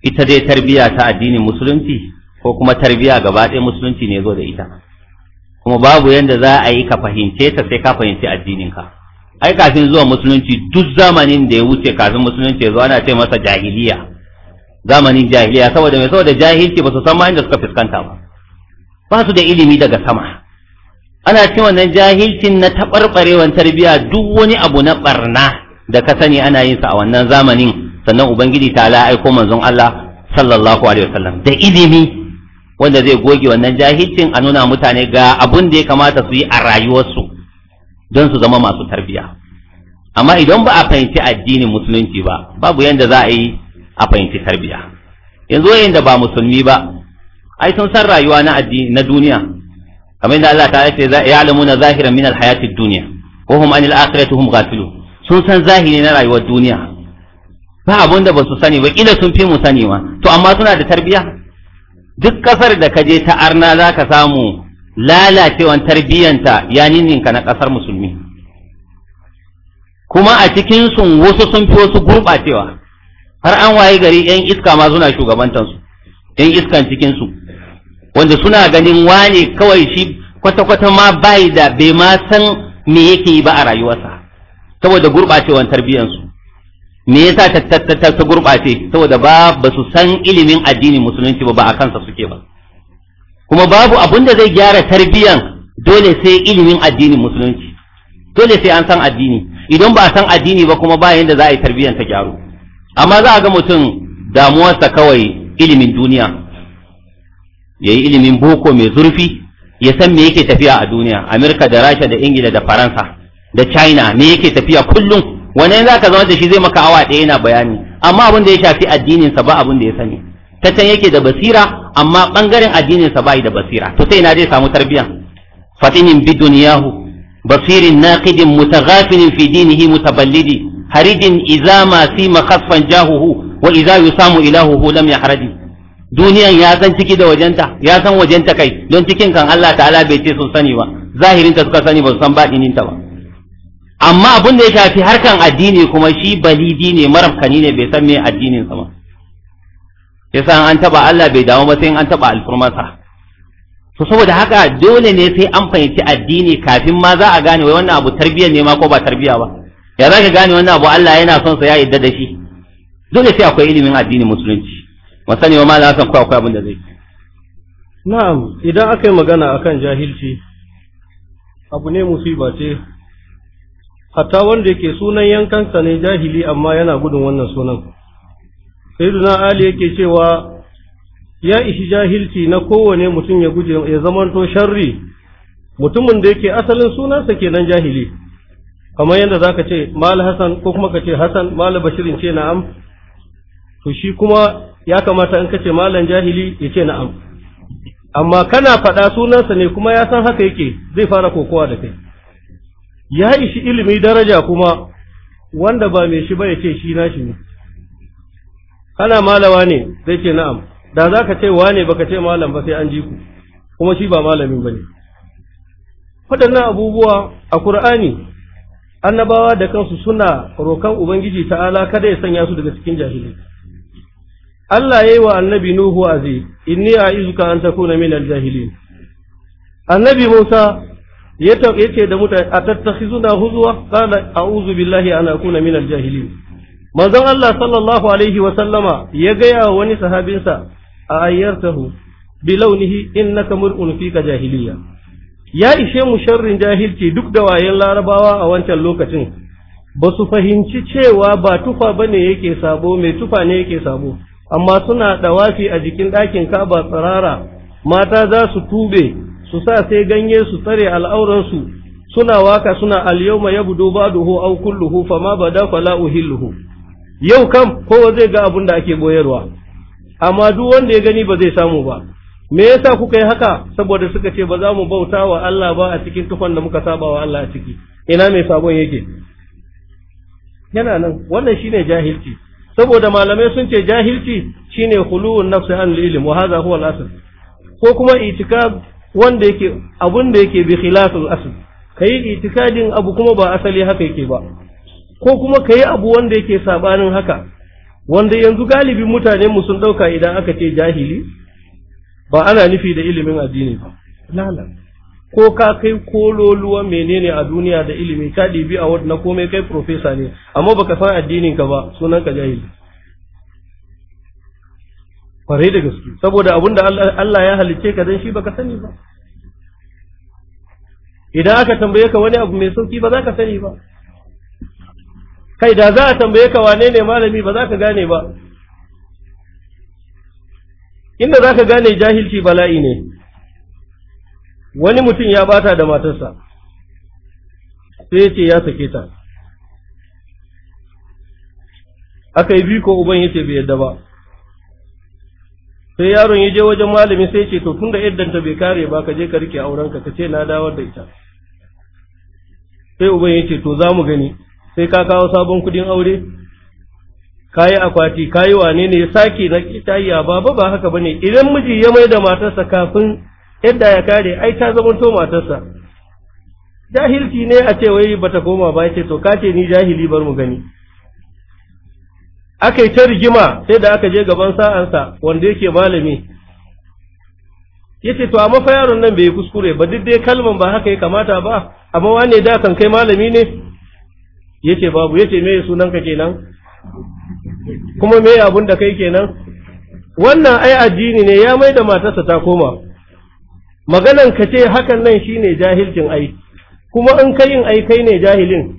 ita dai tarbiya ta addinin musulunci ko kuma tarbiya gaba ɗaya musulunci ne zo da ita kuma babu yadda za a yi ka fahimce ta sai ka fahimci addininka ai kafin zuwa musulunci duk zamanin da ya wuce kafin musulunci ya ana ce masa jahiliya zamanin jahiliya saboda mai saboda jahilci ba su san ma inda suka fuskanta ba ba su da ilimi daga sama ana cin wannan jahilcin na taɓarɓarewan tarbiyya duk wani abu na ɓarna da ka sani ana yin sa a wannan zamanin sannan ubangiji ta la aiko manzon Allah sallallahu alaihi wasallam da ilimi wanda zai goge wannan jahilcin a nuna mutane ga abun da ya kamata su yi a rayuwarsu don su zama masu tarbiya amma idan ba a fahimci addinin musulunci ba babu yadda za a yi a fahimci tarbiya yanzu yayin da ba musulmi ba ai sun san rayuwa na addini na duniya kamar yadda Allah ta ce ya'lamuna zahiran min al-hayati ad-dunya wa hum anil akhirati hum ghafilun sun san zahiri na rayuwar duniya ba abun da ba su sani ba kila sun fi mu sani ma to amma suna da tarbiyya? duk ƙasar da ka je ta arna za ka samu lalacewan tarbiyyanta ya ninninka na kasar musulmi kuma a cikin sun wasu sun fi wasu gurɓacewa har an waye gari yan iska ma suna shugabantansu yan iskan cikinsu wanda suna ganin wane kawai shi kwata-kwata ma bai da bai ma san me yake yi ba a rayuwarsa saboda gurɓacewan tarbiyyansu me yasa ta ta ta ta saboda ba ba su san ilimin addinin musulunci ba ba a kansa suke ba kuma babu abun da zai gyara tarbiyan dole sai ilimin addinin musulunci dole sai an san addini idan ba a san addini ba kuma ba yanda za a yi tarbiyan ta gyaru amma za a ga mutum damuwarsa kawai ilimin duniya ya yi ilimin boko mai zurfi ya san me yake tafiya a duniya amerika da rasha da ingila da faransa da china me yake tafiya kullum wannan za ka zama da shi zai maka awa ɗaya yana bayani amma abin da ya shafi addinin sa ba abin da ya sani ta can yake da basira amma bangaren addinin sa bai da basira to sai na zai samu tarbiya fatinin biduniyahu basirin naqidin mutaghafinin fi dinihi mutaballidi haridin idza ma fi makhaffan jahuhu wa idza yusamu ilahuhu lam yahradi duniyan ya san ciki da wajenta ya san wajenta kai don cikin kan Allah ta'ala bai ce sun sani ba ta suka sani ba su san baɗininta ba amma abin da ya shafi harkan addini kuma shi balidi ne marafkani ne bai san me addinin sa ba yasa an taba Allah bai damu ba sai an taba alfurmasa to saboda haka dole ne sai an fahimci addini kafin ma za a gane wai wannan abu tarbiyya ne ma ko ba tarbiyya ba ya za ka gane wannan abu Allah yana son sa ya yadda da shi dole sai akwai ilimin addinin musulunci wasani wa mala san san akwai abin da zai na'am idan aka yi magana akan jahilci abu ne musiba ce hatta wanda yake sunan yankansa ne jahili amma yana gudun wannan sunan sayyiduna ali yake cewa ya ishi jahilci na kowane mutum ya guje ya zamanto sharri mutumin da yake asalin sunansa kenan jahili kamar yadda zaka ce mal hasan ko kuma ka ce hasan mal bashirin ce na'am to shi kuma ya kamata in ka ce malam jahili ya ce na'am amma kana faɗa sunansa ne kuma ya san haka yake zai fara kokowa da kai ya ishi ilimi daraja kuma wanda ba mai shi ba ya ce shi na shi ne kana malawa ne zai ce na'am da za ka ce wane baka ce malam ba sai an ji ku kuma shi ba malamin ba ne waɗannan abubuwa a ƙur'ani annabawa da kansu suna rokan ubangiji ta'ala kada ya sanya su daga cikin jahili Allah ya yi wa annabi Nuhu azi inni a izuka an takuna min al-jahilin annabi Musa yace da mutane tattakhizuna huzwa kana a'udhu billahi an akuna minal jahilin manzon Allah sallallahu alaihi wa sallama ya gaya wa wani sahabinsa a ayyartahu bi launihi innaka mur'un fika jahiliya ya ishe mu sharrin jahilci duk da wayan larabawa a wancan lokacin ba su fahimci cewa ba tufa bane yake sabo mai tufa ne yake sabo amma suna dawafi a jikin ɗakin kaba tsirara mata za su tube su sa sai ganye su tsare al'auransu suna waka suna al-yawma yabdu ba'duhu aw kulluhu fama bada fala uhilluhu yau kam kowa zai ga abin da ake boyarwa amma duk wanda ya gani ba zai samu ba me yasa kuka yi haka saboda suka ce ba za mu bauta wa Allah ba a cikin tufan da muka saba wa Allah a ciki ina mai sabon yake yana nan wannan shine jahilci saboda malamai sun ce jahilci shine khuluun nafsi an lilim wa hadha huwa al-asl ko kuma itikab wanda yake abun da yake bi khilafil asl kayi itikadin abu kuma ba asali haka yake ba ko kuma kayi abu wanda yake sabanin haka wanda yanzu galibin mutane mu sun dauka idan aka ce jahili ba ana nufi da ilimin addini ba lalan ko ka kai kololuwa menene a duniya da ilimi ka ɗibi a na komai kai profesa ne amma baka san addinin ka ba sunan ka jahili kwarai da gaske saboda abin da Allah ya halicce ka dan shi baka sani ba idan aka tambaye ka wani abu mai sauki ba za ka sani ba kai da za a tambaye ka wane ne malami ba za ka gane ba inda za ka gane jahilci bala'i ne wani mutum ya bata da matarsa sai ce ya sake ta aka yi biko uban yace bai yadda ba sai yaron ya je wajen malami sai ce to tunda iddanta bai kare ba ka je ka rike auren ka ka ce na dawar da ita sai uban ya ce to za mu gani sai ka kawo sabon kudin aure Ka yi akwati ka yi wane ne sake na kitayya baba ba haka bane idan miji ya mai da matarsa kafin yadda ya kare ai ta zama to matarsa jahilci ne a ce wai bata koma ba ce to ka ce ni jahili bar mu gani aka yi ta rigima sai da aka je gaban sa'ansa wanda yake malami ya to amma fa yaron nan bai yi kuskure ba duk dai kalman ba haka ya kamata ba amma wane da kan kai malami ne ya ce babu ya ce me sunanka kenan kuma me abun da kai kenan wannan ai addini ne ya mai da matarsa ta koma maganan ka ce hakan nan shine jahilcin ai kuma in ka yin ai kai ne jahilin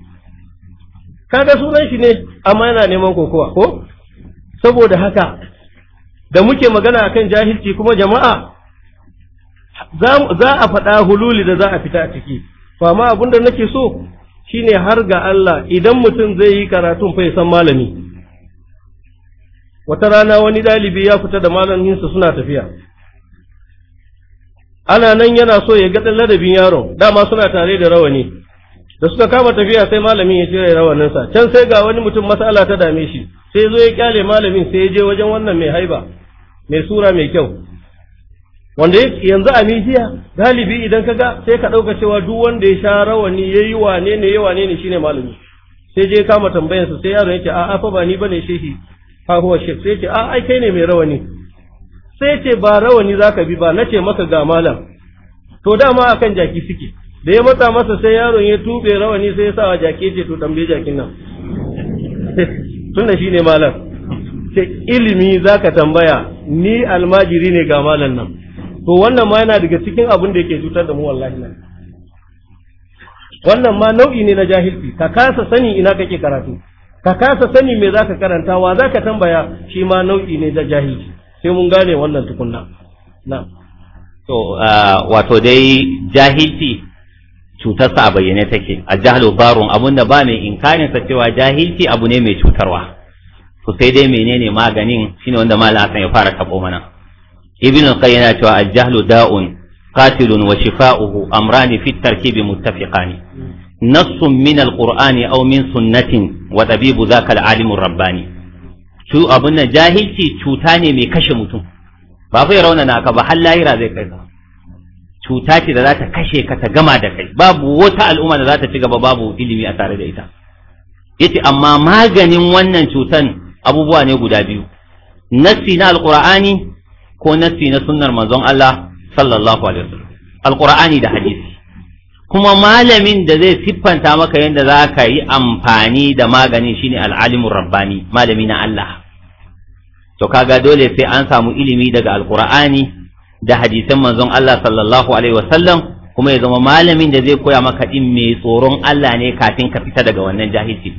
kaga sunan shi ne amma yana neman kokowa ko saboda haka da muke magana akan jahilci kuma jama'a za a faɗa hululi da za a fita a ciki fama ma abin da nake so shine har ga Allah idan mutum zai yi karatun fa ya san malami wata rana wani ɗalibi ya fita da malaminsa suna tafiya ana nan yana so ya ga ladabin yaron dama suna tare da rawani da suka kama tafiya sai malamin ya cire sa can sai ga wani mutum matsala ta dame shi sai zo ya kyale malamin sai ya je wajen wannan mai haiba mai sura mai kyau wanda yanzu a mijiya galibi idan ka ga sai ka ɗauka cewa duk wanda ya sha rawani ya yi wane ne ya wane ne shine malami sai je kama tambayansa sai yaron yake a a'a fa ba ni bane shehi fa huwa shek sai ce a ai kai ne mai rawani sai ce ba rawani zaka bi ba nace maka ga malam to dama akan jaki suke da ya matsa masa sai yaron ya tube rawani sai ya sa a jake ce to tambaye jakin nan tunda shine malam sai ilimi za ka tambaya ni almajiri ne ga malam nan to wannan ma yana daga cikin abin da yake cutar da mu wallahi nan wannan ma nau'i ne na jahilci ka kasa sani ina kake karatu ka kasa sani me za ka karanta wa za ka tambaya shi ma nau'i ne na jahilci sai mun gane wannan tukunna na to ah, wato dai jahilci cutarsa a bayyane take a jahalu barun abun da ba mai inkarin sa cewa jahilci abu ne mai cutarwa to sai dai menene maganin shine wanda malam Hassan ya fara tabo mana ibn al-qayyim yana cewa al-jahlu da'un qatilun wa shifa'uhu amrani fi at-tarkib muttafiqani nassun min al-qur'ani aw min sunnatin wa tabibu zaka al-alim rabbani to abun nan jahilci cuta ne mai kashe mutum ba fa rauna naka ba har lahira zai kai ka cuta ce da za ta kashe ka ta gama da kai babu wata al'umma da za ta ci gaba babu ilimi a tare da ita yace amma maganin wannan cutan abubuwa ne guda biyu nassi na alqur'ani ko nassi na sunnar manzon Allah sallallahu alaihi wasallam alqur'ani da hadisi kuma malamin da zai siffanta maka yadda za ka yi amfani da magani shine al'alumin rabbani malami na Allah to kaga dole sai an samu ilimi daga alqur'ani da hadisan manzon Allah sallallahu alaihi wasallam kuma ya zama malamin da zai koya maka din mai tsoron Allah ne kafin ka fita daga wannan jahilci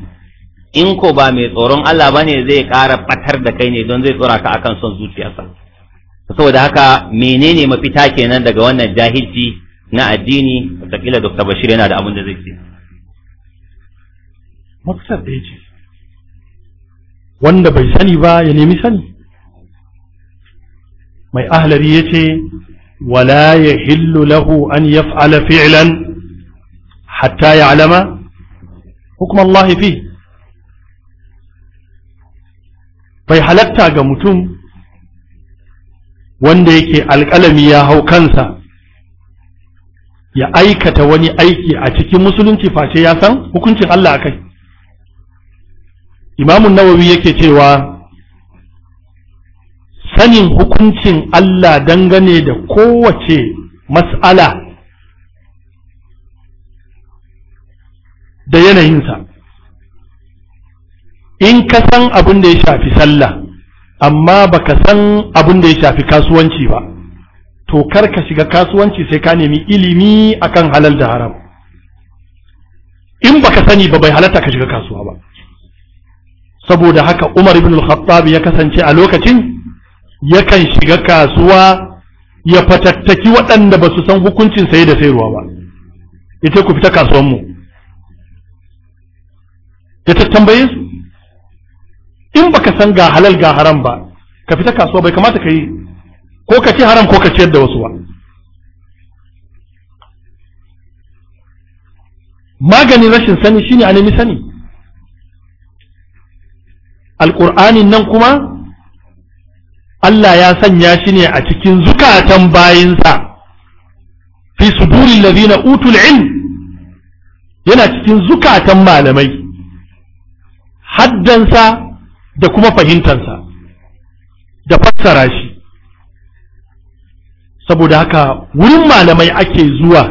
in ko ba mai tsoron Allah bane zai ƙara batar da kai ne don zai tsora ka akan son zuciyarsa saboda haka menene mafita kenan daga wannan jahilci na addini kila Dr. Bashir yana da abin da zai ce maksar da ya ce wanda bai sani ba ya nemi sani mai ahlari ya ce wala ya hillu lahu an yaf'ala fi'lan hatta ya alama hukumar lahifi bai halatta ga mutum wanda yake alƙalami ya hau kansa ya aikata wani aiki a cikin musulunci face ya san hukuncin Allah a kai imamun nawawi yake cewa sanin hukuncin Allah dangane da kowace mas'ala da yanayinsa in ka san abin da ya shafi sallah amma baka san abin da ya shafi kasuwanci ba to kar ka shiga kasuwanci sai ka nemi ilimi akan halal da haram in baka sani ba bai halatta ka shiga kasuwa ba saboda haka Umar ibn al-Khattab ya kasance a lokacin yakan shiga kasuwa ya fatattaki waɗanda ba su san hukuncin saye da sayarwa ba ita ku fita kasuwanmu ya tattambaye su in baka san ga halal ga haram ba ka fita kasuwa bai kamata ka yi ko ka ci haram ko ka ciyar da wasu ba maganin rashin sani shine a nemi sani alƙur'anin nan kuma Allah ya sanya shi ne a cikin zukatan bayinsa fi sudurin lazina utul ilm yana cikin zukatan malamai haddansa da kuma fahimtansa da fassara shi saboda haka wurin malamai ake zuwa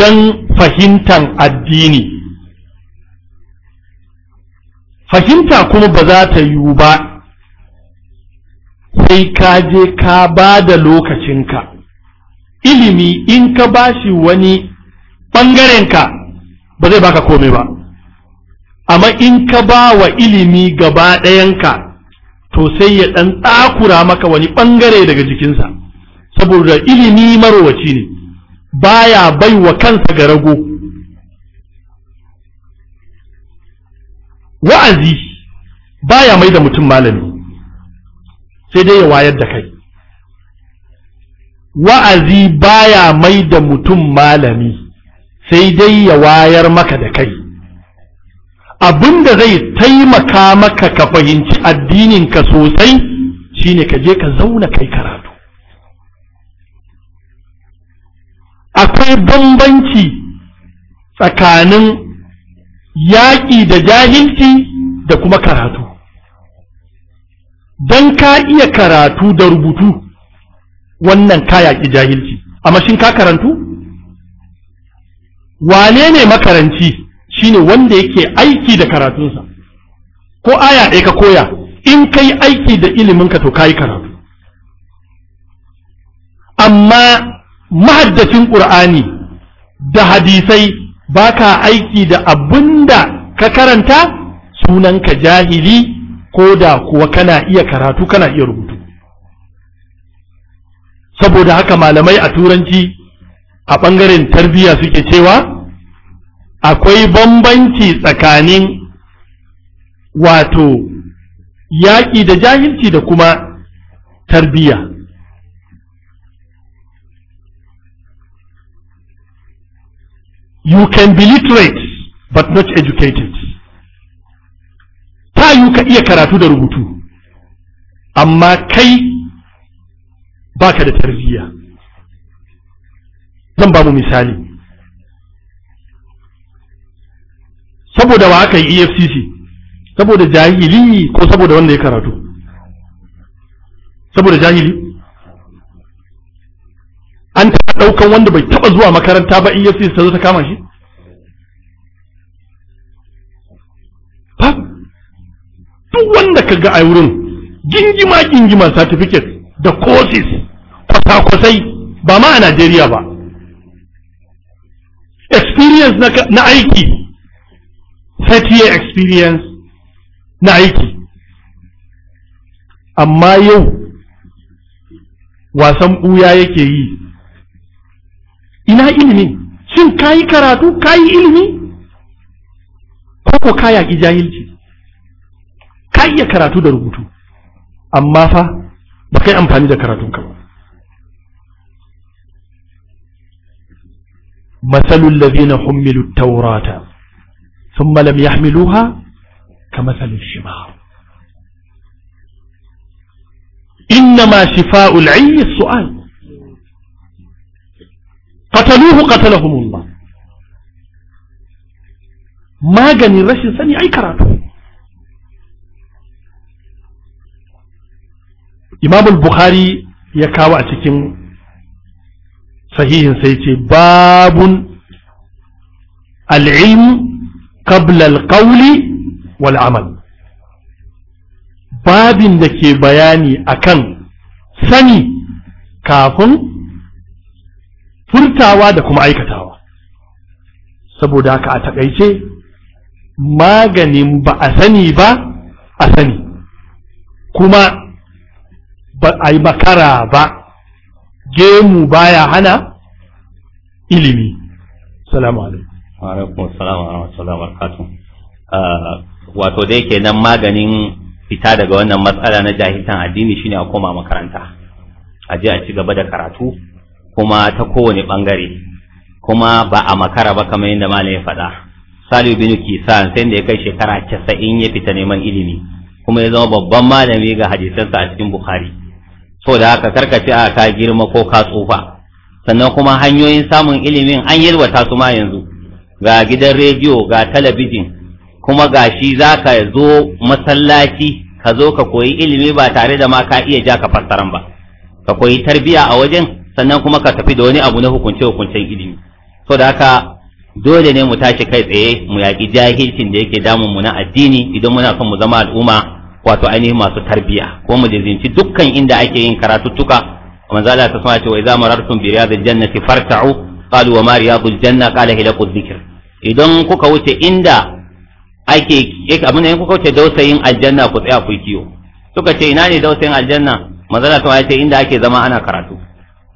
don fahimtan addini fahimta kuma ba za ta yiwu ba sai ka je ka ba da lokacinka ilimi in ka ba shi wani ɓangarenka ba zai baka komai ba amma in ka ba wa ilimi gaba ɗayanka to sai ya ɗan ɗakura maka wani ɓangare daga jikinsa saboda ilimi marowaci ne baya bai wa kansa ga rago wa'azi baya mai da mutum malami sai dai ya wayar da kai wa'azi baya mai da mutum malami sai dai ya wayar maka da kai abin da zai taimaka maka ka fahimci addininka sosai shine ka je ka zauna kai karatu akwai bambanci tsakanin yaƙi da jahilci da kuma karatu don ka iya karatu da rubutu wannan ka yaƙi jahilci amma shin ka karantu wane ne makaranci shine wanda yake aiki da karatunsa ko aya ɗaya ka koya in kai aiki da iliminka to ka yi karatu amma mahaddacin ƙur'ani da hadisai baka aiki da abinda ka karanta sunanka jahili ko da kuwa kana iya karatu kana iya rubutu saboda haka malamai a turanci a ɓangaren tarbiyya suke cewa akwai bambanci tsakanin wato yaƙi da jahilci da kuma tarbiyya you can be literate but not educated ta yiwu ka iya karatu da rubutu amma kai baka da tarbiyya zan ba mu misali saboda wa aka yi efcc saboda jahili ko saboda wanda ya karatu saboda jahili an taɓa ɗaukan wanda bai taɓa zuwa makaranta ba efcc ta zo ta kama shi duk wanda ka ga a wurin gingima gingima certificate da courses kwasa-kwasai ba ma a Najeriya ba experience na, na aiki 30 year experience na aiki amma yau wasan ɓuya yake yi ina ilimi shin kayi karatu kayi ilimi ko ko kaya ki jahilci iya karatu da rubutu amma fa ba kai amfani da karatun مثل الذين حملوا التوراة ثم لم يحملوها كمثل الشمار إنما شفاء العي السؤال قتلوه قتلهم الله ما جني رشد سني أي كراتون imam bukhari ya kawo a cikin sahihin sai ce babun al'im, qabla al-qawli wal amal babin da ke bayani akan sani kafin furtawa da kuma aikatawa saboda haka a takaice maganin ba a sani ba a sani kuma ba a yi makara ba gemu baya hana ilimi salamu alaikum wa alaikum salamu wa salamu wa ah, wato dai nan maganin fita daga wannan matsala na jahiltan addini shine a koma makaranta a je a ci gaba da karatu kuma ta kowane bangare kuma ba a makara ba kamar yadda malam ya faɗa Salihu bin Kisan sai da ya kai shekara casa'in ya fita neman ilimi kuma ya zama babban malami ga hadisansa a cikin Bukhari So da haka karka ce a ka girma ko ka tsufa sannan kuma hanyoyin samun ilimin an yalwata su ma yanzu ga gidan rediyo ga talabijin kuma ga shi za ka zo masallaci ka zo ka koyi ilimi ba tare da ma ka iya ja ka fassaran ba ka koyi tarbiya a wajen sannan kuma ka tafi da wani abu na hukunce hukuncen ilimi so da haka dole ne mu tashi kai tsaye mu yaƙi jahilcin da yake damun mu na addini idan muna son mu zama al'umma wato ainihin masu tarbiya ko mu jazinci dukkan inda ake yin karatuttuka manzo Allah ta sama ce wa idza marartum bi riyadil jannati farta'u qalu wa ma riyadul janna qala hilaqu dhikr idan kuka wuce inda ake abin da kuka wuce dausayin aljanna ku tsaya ku kiyo suka ce ina ne dausayin aljanna manzo Allah ta ce inda ake zama ana karatu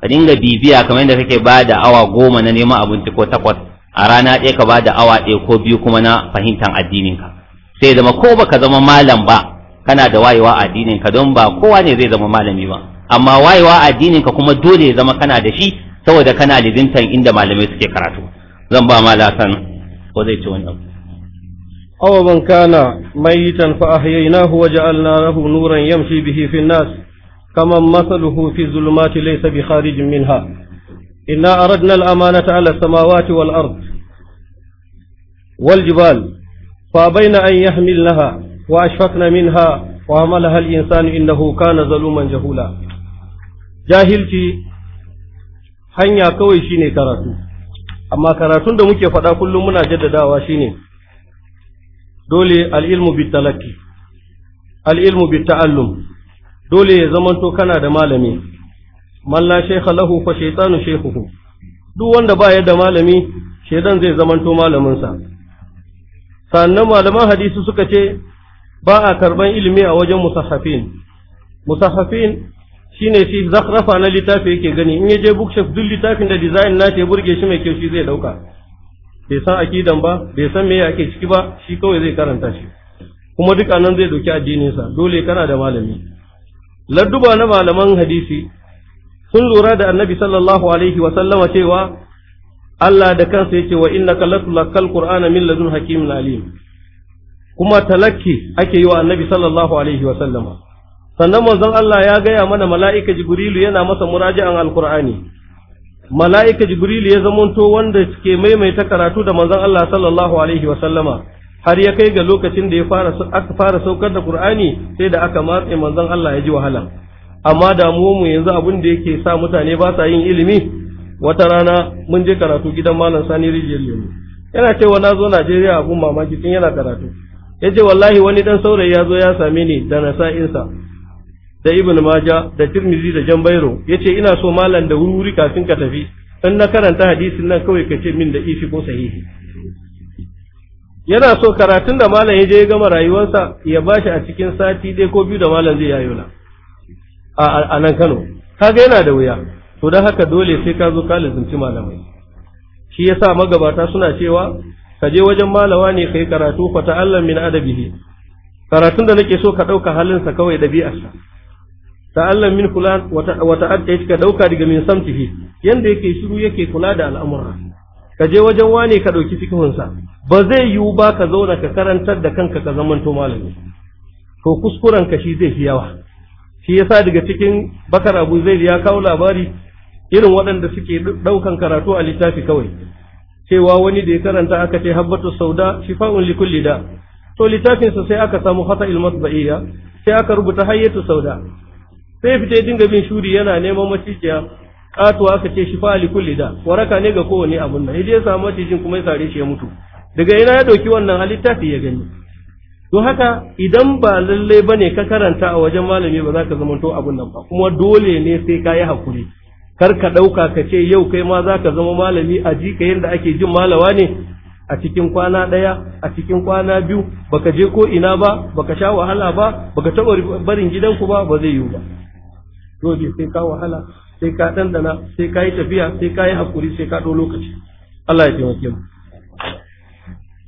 ka dinga bibiya kamar yadda kake ba da awa goma na neman abinci ko takwas a rana ɗaya ka ba da awa ɗaya ko biyu kuma na fahimtar addinin ka sai zama ko baka zama malam ba kana da wayewa a addinin ka don ba kowa ne zai zama malami ba amma wayewa a addinin ka kuma dole ya zama kana da shi saboda kana lizintan inda malamai suke karatu zan ba ma lasan ko zai ci wani abu man kana mayitan fa ahyaynahu wa ja'alna lahu nuran yamshi bihi fi an-nas kama fi zulumati laysa bi kharij minha inna aradna al-amanata 'ala samawati wal-ard wal-jibal fa bayna an yahmilnaha na وأشفقنا منها وعملها الإنسان إنه كان ظلوما جهولا jahilci hanya kawai shine karatu amma karatun da muke faɗa kullum muna jaddadawa shine dole al'ilmu bi talaki al'ilmu bi ta'allum dole ya zamanto kana da malami man la shaykha lahu duk wanda ba ya da malami shaidan zai zamanto malaminsa sannan malaman hadisi suka ce ba a karban ilimi a wajen musahafin musahafin shine shi zakrafa na littafi yake gani in ya je bookshelf duk littafin da design na ya burge shi mai kyau shi zai dauka bai san akidan ba bai san meye ake ciki ba shi kawai zai karanta shi kuma duk anan zai addinin sa dole kana da malami ladduba na malaman hadisi sun lura da annabi sallallahu alaihi wa sallama cewa Allah da kansa yake wa innaka latulakal qur'ana min ladun hakimin alim kuma talakki ake yi wa annabi sallallahu alaihi wa sallama sannan manzon Allah ya gaya mana mala'ika jibrilu yana masa muraji'an alqur'ani mala'ika jibrilu ya zamanto wanda ke maimaita karatu da manzon Allah sallallahu alaihi wa sallama har ya kai ga lokacin da ya fara aka fara saukar da qur'ani sai da aka matse manzon Allah ya ji wahala amma damuwar mu yanzu abin da yake sa mutane ba sa yin ilimi wata rana mun je karatu gidan malam Sani Rijiyar Lemu yana cewa na zo Najeriya abun mamaki tun yana karatu ya ce wallahi wani ɗan saurayi ya zo ya same ni da nasa'insa da ibn maja da tirmizi da jan bairo, ya ce ina so malam da wuri kafin ka tafi in na karanta hadisin nan kawai ka ce min da ifi ko sahihi yana so karatun da malam ya je ya gama rayuwarsa ya bashi a cikin sati ɗaya ko biyu da malam zai yayo na a nan kano kaga yana da wuya to don haka dole sai ka zo ka lizinci malamai shi yasa magabata suna cewa ka je wajen malawa ne kai karatu fa ta'allam min adabihi karatun da nake so ka dauka halinsa kawai dabi'arsa ta'allam min fulan wa ta'adda ka dauka daga min samtihi yanda yake shiru yake kula da al'amura ka je wajen wane ka ɗauki fikihunsa ba zai yiwu ba ka zauna ka karantar da kanka ka zamanto malami to kuskuren ka shi zai fi yawa shi yasa daga cikin bakar abu zai ya kawo labari irin waɗanda suke ɗaukan karatu a littafi kawai cewa wani da ya karanta aka ce habbatu sauda shifa'un li kulli da to littafin sa sai aka samu khata il masba'iyya sai aka rubuta hayyatu sauda sai fita dinga bin shuri yana neman macijiya katuwa aka ce shifa li kulli da waraka ne ga kowane abun nan idan ya samu macijin kuma ya sare shi ya mutu daga ina ya dauki wannan halittafi ya gani to haka idan ba lallai bane ka karanta a wajen malami ba za ka zamanto abun nan ba kuma dole ne sai ka yi hakuri kar ka ɗauka ka ce yau kai ma za ka zama malami a ji ka yadda ake jin malawa ne a cikin kwana ɗaya a cikin kwana biyu baka je ko ina ba baka sha wahala ba baka taɓa barin gidanku ba ba zai yiwu ba dole sai ka wahala sai ka ɗanɗana sai ka yi tafiya sai ka yi haƙuri sai ka ɗau lokaci Allah ya taimake mu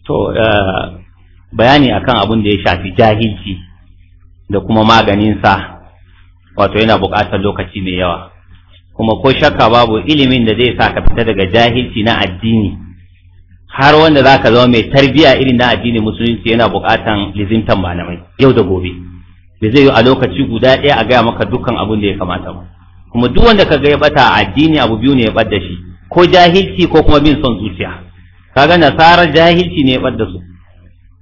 to eh, bayani akan abin da ya shafi jahilci da kuma maganinsa wato yana buƙatar lokaci mai yawa kuma ko shakka babu ilimin da zai sa ka fita daga jahilci na addini har wanda za ka zama mai tarbiya irin na addini musulunci yana buƙatan lizimtan malamai yau da gobe da zai yi a lokaci guda ɗaya a gaya maka dukkan abin da ya kamata ba kuma duk wanda ka ga ya bata addini abu biyu ne ya ɓadda shi ko jahilci ko kuma bin son zuciya kaga nasarar jahilci ne ya ɓadda su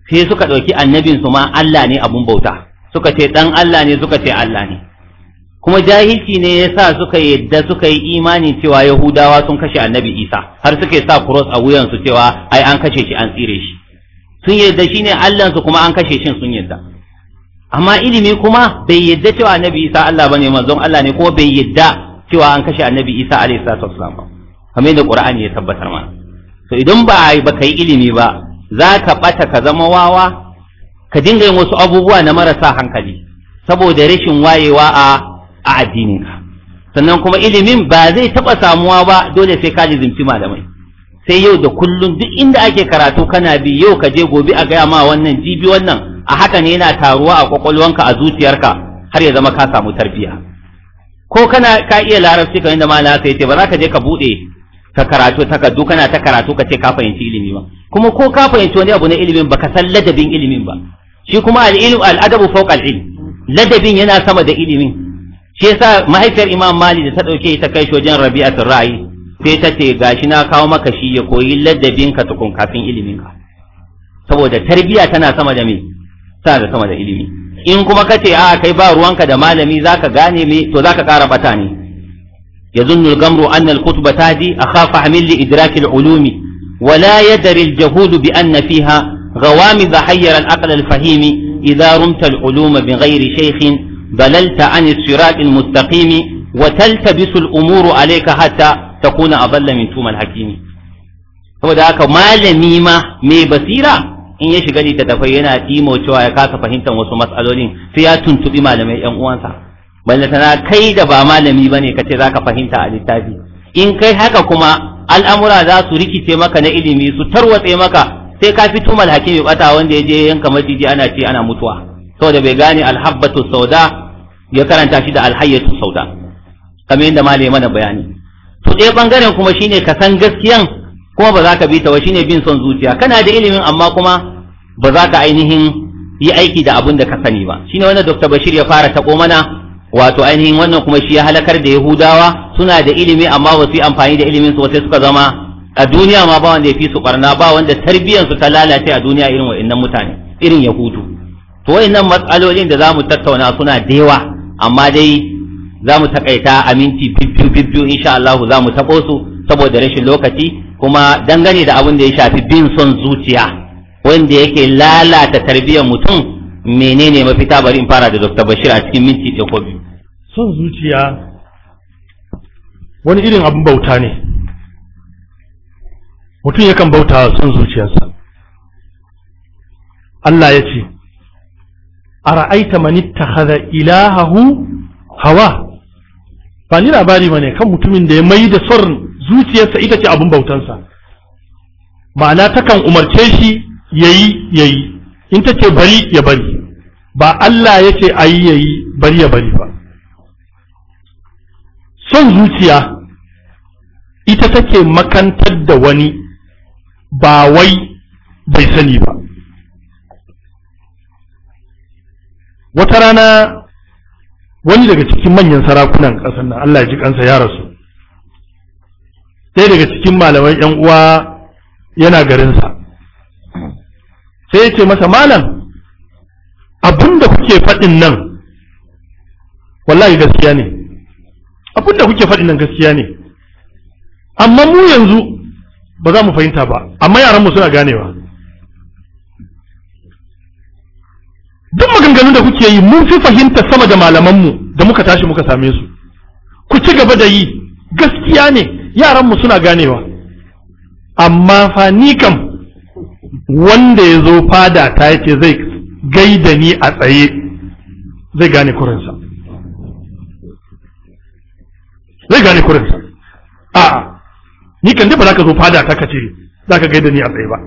sai suka ɗauki annabinsu ma Allah ne abun bauta suka ce ɗan Allah ne suka ce Allah ne kuma jahilci ne ya sa suka yadda suka yi imani cewa yahudawa sun kashe annabi isa har suke sa cross a wuyansu cewa ai an kashe shi an tsire shi sun yadda shi ne allansu kuma an kashe shi sun yadda amma ilimi kuma bai yadda cewa annabi isa allah bane manzon allah ne kuma bai yadda cewa an kashe annabi isa alaihi salatu ba kamar yadda qur'ani ya tabbatar mana to idan ba ba yi ilimi ba za ka bata ka zama wawa ka dinga yin wasu abubuwa na marasa hankali saboda rashin wayewa a a addinin addininka sannan kuma ilimin ba zai taɓa samuwa ba dole sai ka lizimci malamai sai yau da kullum duk inda ake karatu kana bi yau ka je gobe a gaya ma wannan jibi wannan a haka ne yana taruwa a kwakwalwanka a zuciyarka har ya zama ka samu tarbiya ko kana ka iya larabci kamar yadda malama sai ce ba za ka je ka buɗe ka karatu takardu kana ta karatu ka ce ka fahimci ilimi ba kuma ko ka fahimci wani abu na ilimin ba ka san ladabin ilimin ba shi kuma al'adabu fawqa al'ilm ladabin yana sama da ilimin shi yasa mahaifiyar imam mali da ta dauke ta kai shi wajen rabi'atul ra'ayi sai ta ce gashi na kawo maka shi ya koyi ladabinka tukun kafin iliminka saboda tarbiya tana sama da me tana da sama da ilimi in kuma ka ce a kai ba ruwanka da malami zaka gane me to zaka ƙara bata ne يظن الجمر أن الكتب تهدي أخاف من لإدراك العلوم ولا يدري الجهود بأن فيها غوامض حير العقل الفهيم إذا رمت العلوم بغير شيخ dalalta an siratil mustaqimi wa taltabisu al-umuru alayka hatta takuna adalla min tumal hakimi saboda haka malami ma mai basira in ya shiga littattafai yana timo cewa ya kasa fahimtar wasu matsalolin sai ya tuntubi malamai yan uwansa balle tana kai da ba malami ba ne kace zaka fahimta a littafi in kai haka kuma al'amura za su rikice maka na ilimi su tarwatse maka sai ka fito malhaki mai bata wanda ya je yanka maciji ana ce ana mutuwa saboda bai gane alhabbatu sauda ya karanta shi da alhayyatu sauda kamar yadda malai mana bayani to ɗaya bangaren kuma shine ka san gaskiyan kuma ba za ka bi ta ba shine bin son zuciya kana da ilimin amma kuma ba za ka ainihin yi aiki da abin da ka sani ba shine wannan dr bashir ya fara taɓo mana wato ainihin wannan kuma shi ya halakar da yahudawa suna da ilimi amma ba su yi amfani da ilimin su sai suka zama a duniya ma ba wanda ya fi su barna ba wanda tarbiyyar su ta lalace a duniya irin wa'annan mutane irin yahudu to wayannan matsalolin da zamu tattauna suna da yawa amma dai zamu takaita a minti bibbiyu bibbiyu insha Allah zamu tabo su saboda rashin lokaci kuma dangane da abin da ya shafi bin son zuciya wanda yake lalata tarbiyyar mutum menene mafita bari in fara da Dr. Bashir a cikin minti da ko biyu son zuciya wani irin abin bauta ne mutum yakan bauta son zuciyarsa Allah ya ce ara'aita man ittakhadha ilahahu hawa ba ni labari ne kan mutumin da ya mai da son zuciyarsa ita ce abin bautansa ma'ana takan umarce shi yayi yayi in ta ce bari ya bari ba Allah ya ce ayi yayi bari ya bari ba son zuciya ita take makantar da wani ba wai bai sani ba wata rana wani daga cikin manyan sarakunan ƙasar nan Allah ya ji kansa ya rasu sai daga cikin malaman yan uwa yana garinsa sai ya ce masa malam abin da kuke faɗin nan wallahi gaskiya ne abin kuke faɗin nan gaskiya ne amma mu yanzu ba za mu fahimta ba amma yaran mu suna ganewa duk maganganun da kuke yi mun fi fahimta sama da malamanmu da muka tashi muka same su ku ci gaba da yi gaskiya ne yaranmu suna ganewa amma fa ni kam wanda ya zo fada ta yace zai gaida ni a tsaye zai gane kurinsa zai gane kurinsa a'a ni kan ba za ka zo fada ta kace za ka gaida ni a tsaye ba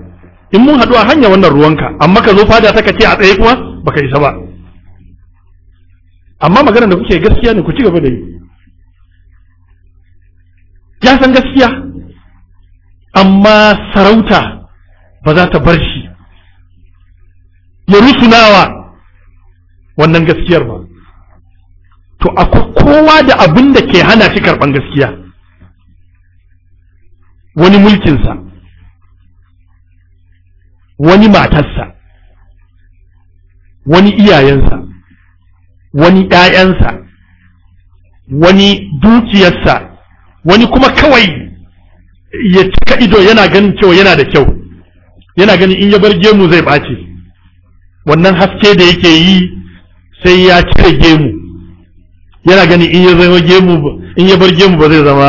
in mun haɗu a hanya wannan ruwanka amma ka zo fada ta ce a tsaye kuma baka isa ba amma magana da kuke gaskiya ne ku ci gaba da yi ya san gaskiya amma sarauta ba za ta bar shi ya rusunawa wannan gaskiyar ba to akwai kowa da abin da ke hana shi karɓan gaskiya wani mulkinsa wani matarsa wani iyayensa wani ‘ya'yansa wani dukiyarsa wani kuma kawai ya cika ido yana ganin cewa yana da kyau yana ganin in ya bar gemu zai ɓace wannan haske da yake yi sai ya cire gemu yana ganin in ya bar gemu ba zai zama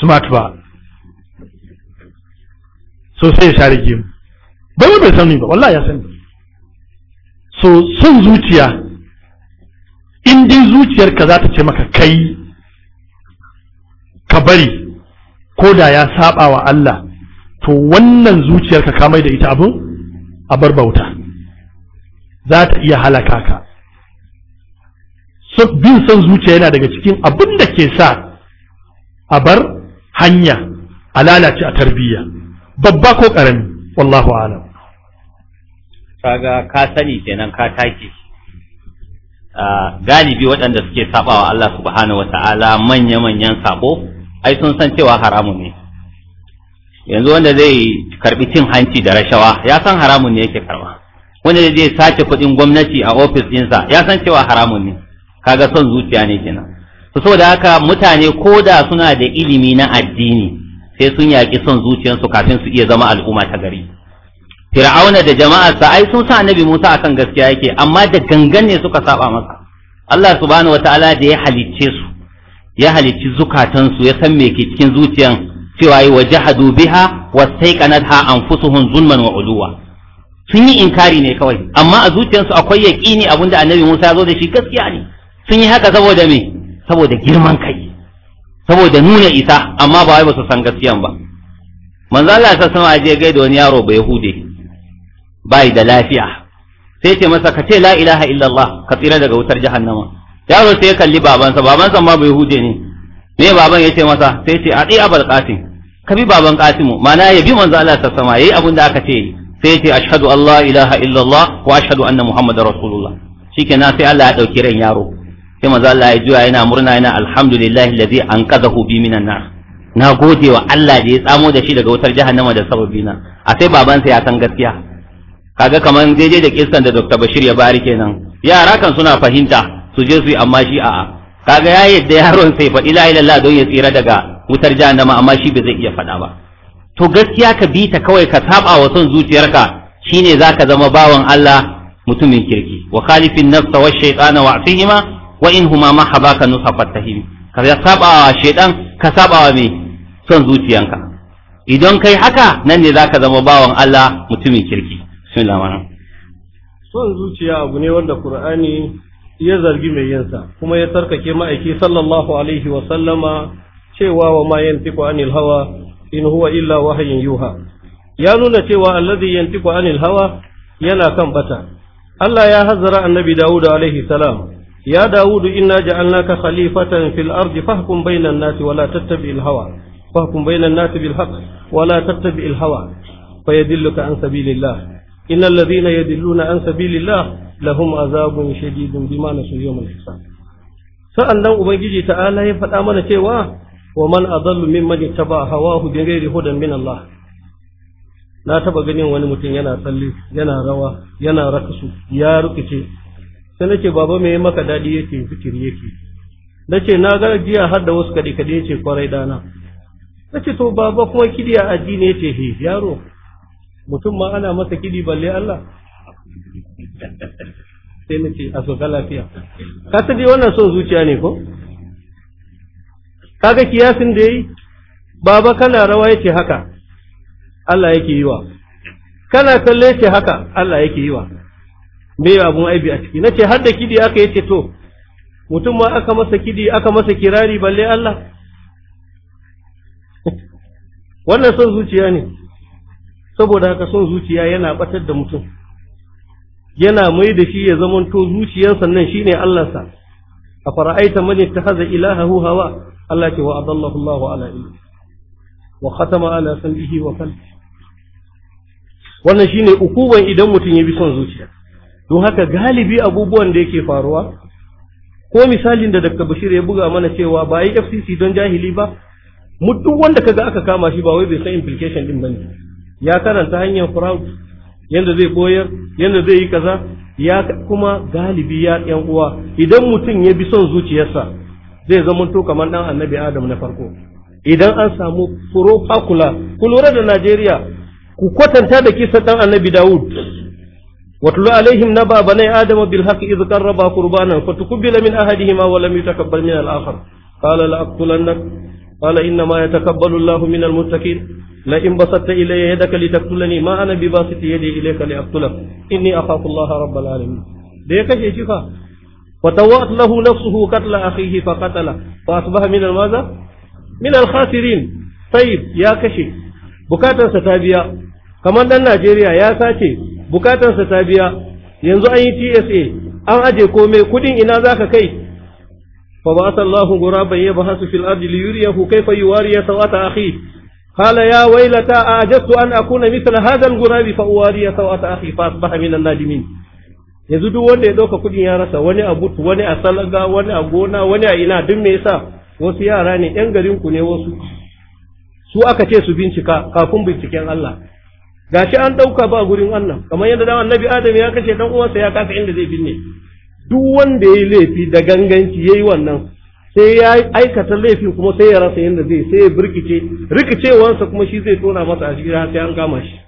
smart ba so sai ya share gemu bai bai sani ba wallahi ya sani so son zuciya in dai zuciyarka za ta ce maka kai ka bari ko da ya saba wa Allah to wannan zuciyarka ka mai da ita abin a bar bauta za ta iya halaka ka so bin son zuciya yana daga cikin abin da ke sa a bar hanya a lalace a tarbiyya babba ko karami wallahu alam kaga ka sani kenan ka take ah, galibi waɗanda suke sabawa Allah subhanahu wata'ala manya-manyan sabo ai sun san cewa haramun ne yanzu wanda zai karbi cin hanci da rashawa ya san haramun ne yake karba wanda zai sace kuɗin gwamnati a ofis ɗinsa ya san cewa haramun ne kaga son zuciya ne kenan saboda haka mutane ko da suna da ilimi na addini sai sun yaƙi son zuciyarsu kafin su iya zama al'umma ta gari fir'auna da jama'arsa ai sun sa annabi Musa akan gaskiya yake amma da gangan ne suka saba masa Allah subhanahu wataala da ya halicce su ya halicci zukatansu ya san me ke cikin zuciyan cewa yi wa jahadu biha wa saiqanatha anfusuhum zulman wa uluwa sun yi inkari ne kawai amma a zuciyarsu akwai yaƙini abinda annabi Musa ya zo da shi gaskiya ne sun yi haka saboda me saboda girman kai saboda nuna isa amma ba wai ba su san gaskiyan ba manzo Allah sai sama je da wani yaro ba yahude bai da lafiya sai ce masa ka ce la ilaha illallah ka tsira daga wutar jahannama yaro sai ya kalli babansa babansa ma ba yahude ne me baban yace masa sai ce adi abul qasim ka bi baban qasimu mana ya bi manzo Allah sai sama yayi abin da aka ce sai ce ashhadu an la ilaha illallah wa ashhadu anna muhammadar rasulullah shikenan sai Allah ya dauki ran yaro sai manzo Allah ya juya yana murna yana alhamdulillahi allazi anqadahu bi minan nar na gode wa Allah da ya tsamo da shi daga wutar jahannama da sababina a sai babansa ya san gaskiya kaga kaman daidai da kissan da Dr. Bashir ya bari kenan yara kan suna fahimta su je su yi amma shi a'a kaga ya yadda yaron sai fa ila ila don ya tsira daga wutar jahannama amma shi ba zai iya faɗa ba to gaskiya ka bi ta kawai ka saba wa son zuciyarka shine zaka zama bawan Allah mutumin kirki wa khalifin nafsa wa shaytana wa'sihima wa in huma ma habaka nusa fattahi ka saba shedan ka saba me son zuciyanka idan kai haka nan ne zaka zama bawan Allah mutumin kirki bismillah son zuciya abu ne wanda qur'ani ya zargi mai yansa, kuma ya tarkake ma'aiki sallallahu alaihi wa sallama cewa wa ma yantiqu anil hawa in huwa illa wahayin yuha ya nuna cewa alladhi yantiqu anil hawa yana kan bata Allah ya hazara annabi Dawud alaihi salam يا داود إنا جعلناك خليفة في الأرض فاحكم بين الناس ولا تتبع الهوى فاحكم بين الناس بالحق ولا تتبع الهوى فيدلك عن سبيل الله إن الذين يدلون عن سبيل الله لهم عذاب شديد بما نسوا يوم الحساب sa'annan ubangiji ta'ala ya faɗa mana cewa wa man adallu mimman yattaba hawahu bi ghairi hudan min Allah na taba ganin wani mutum yana tsalle yana rawa yana rakasu ya rukice sai nace baba me maka dadi yake zikiri yake nace na ga jiya har da wasu kade kade yace kwarai dana nace to baba kuma kidiya addini yace he yaro mutum ma ana masa kidi balle Allah sai nace a so lafiya ka ta dai wannan son zuciya ne ko kaga kiyasin da yi baba kana rawa yace haka Allah yake yi wa kana kalle yake haka Allah yake yi wa me abun aibi a ciki nace har da kidi aka yace to mutum ma aka masa kidi aka masa kirari balle Allah wannan son zuciya ne saboda haka son zuciya yana batar da mutum yana mai da shi ya zamanto zuciyarsa nan shine Allah sa a fara'aita man ittakhadha ilahahu hawa Allah ce wa adallahu Allah ala ilmi wa khatama ala sam'ihi wa kalbi wannan shine ukuban idan mutum ya bi son zuciya don haka galibi abubuwan da yake faruwa ko misalin da Dr. Bashir ya buga mana cewa ba yi FCC don jahili ba mu duk wanda kaga aka kama shi ba wai bai san implication din bane ya karanta hanyar fraud yanda zai koyar yanda zai yi kaza ya kuma galibi ya yan uwa idan mutum ya bi son zuciyarsa zai zama to kamar dan annabi Adam na farko idan an samu furo fakula ku lura da Najeriya ku kwatanta da kisan dan annabi Dawud واتل عليهم نبأ بني آدم بالحق إذ قربا قربانا فتقبل من أحدهما ولم يتقبل من الآخر قال لأقتلنك قال إنما يتقبل الله من المتقين لئن بسطت إلي يدك لتقتلني ما أنا بباسط يدي إليك لأقتلك إني أخاف الله رب العالمين ديك شيء وتوأت له نفسه قتل أخيه فقتله فأصبح من ماذا؟ من الخاسرين طيب يا كشي bukatarsa ta biya kamar dan Najeriya ya sace bukatarsa ta biya yanzu an yi TSA an aje komai kudin ina zaka kai fa ba sallahu ghuraban yabhasu fil ardi li yuriyahu kayfa yuwari sawata akhi qala ya waylata ajastu an akuna mithla hadha al gurabi fa uwari sawata akhi fa asbaha min al nadimin yanzu duk wanda ya dauka kudin ya rasa wani a butu wani a salaga wani a gona wani a ina duk me yasa wasu yara ne yan garin ku ne wasu su aka ce su bincika kafin binciken Allah gashi an ɗauka ba gurin Allah kamar yadda da annabi Adam ya kashe dan uwansa ya kasa inda zai binne duk wanda yayi laifi da ganganci yayi wannan sai ya aikata laifin kuma sai ya rasa yadda zai sai ya birkice rikicewansa kuma shi zai tona masa a cikin sai an kama shi